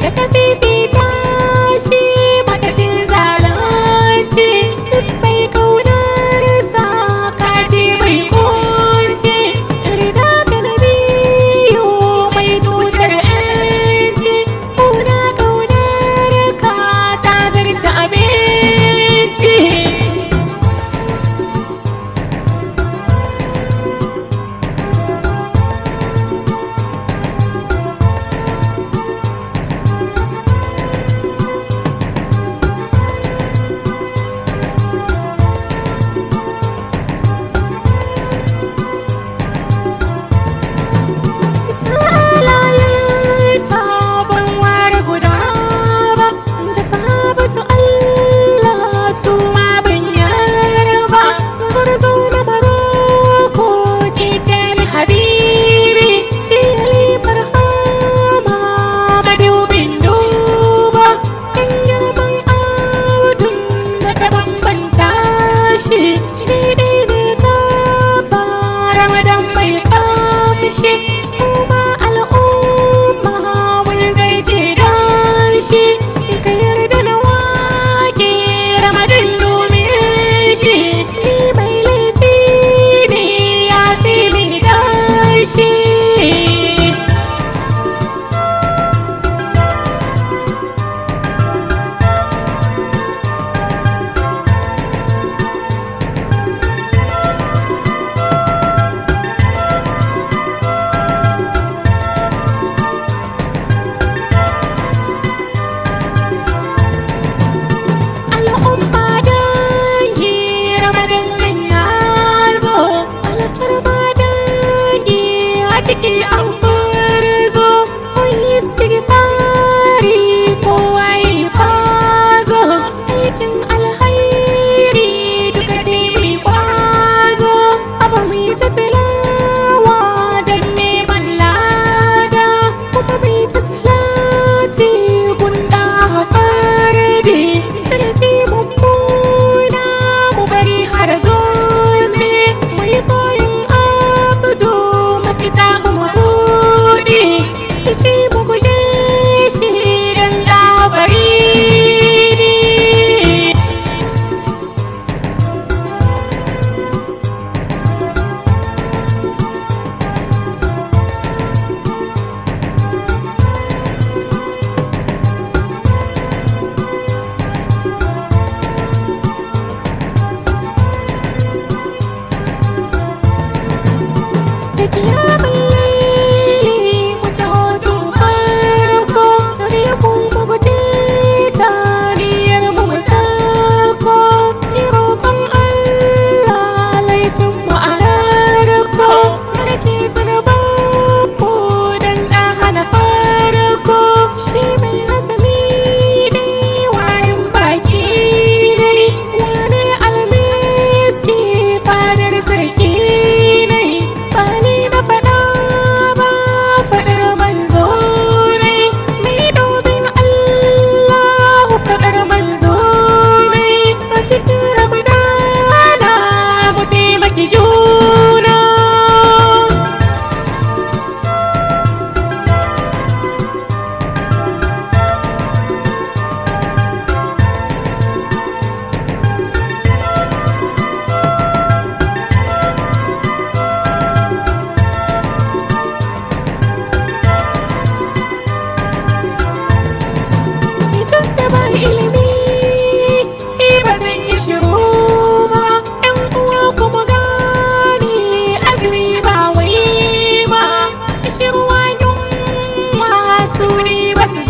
Pepper Pig.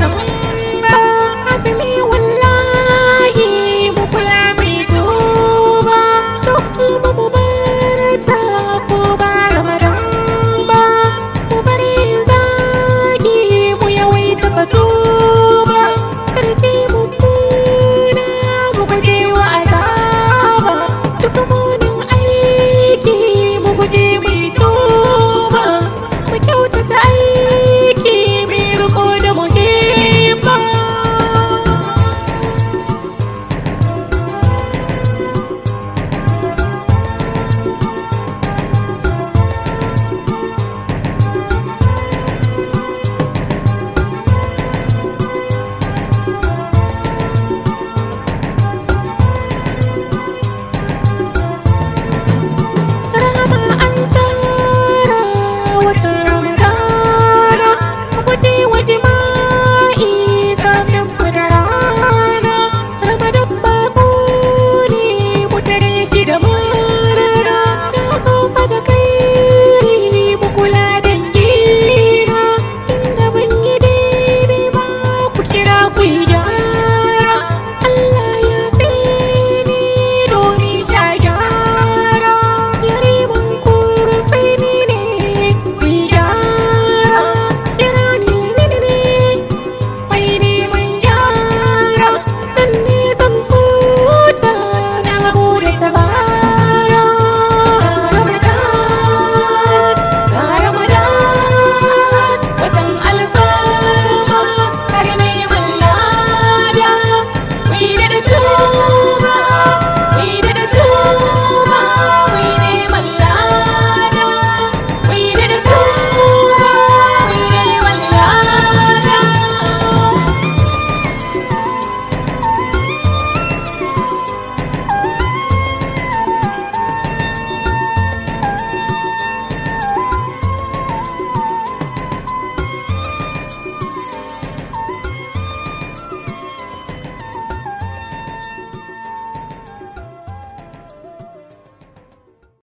some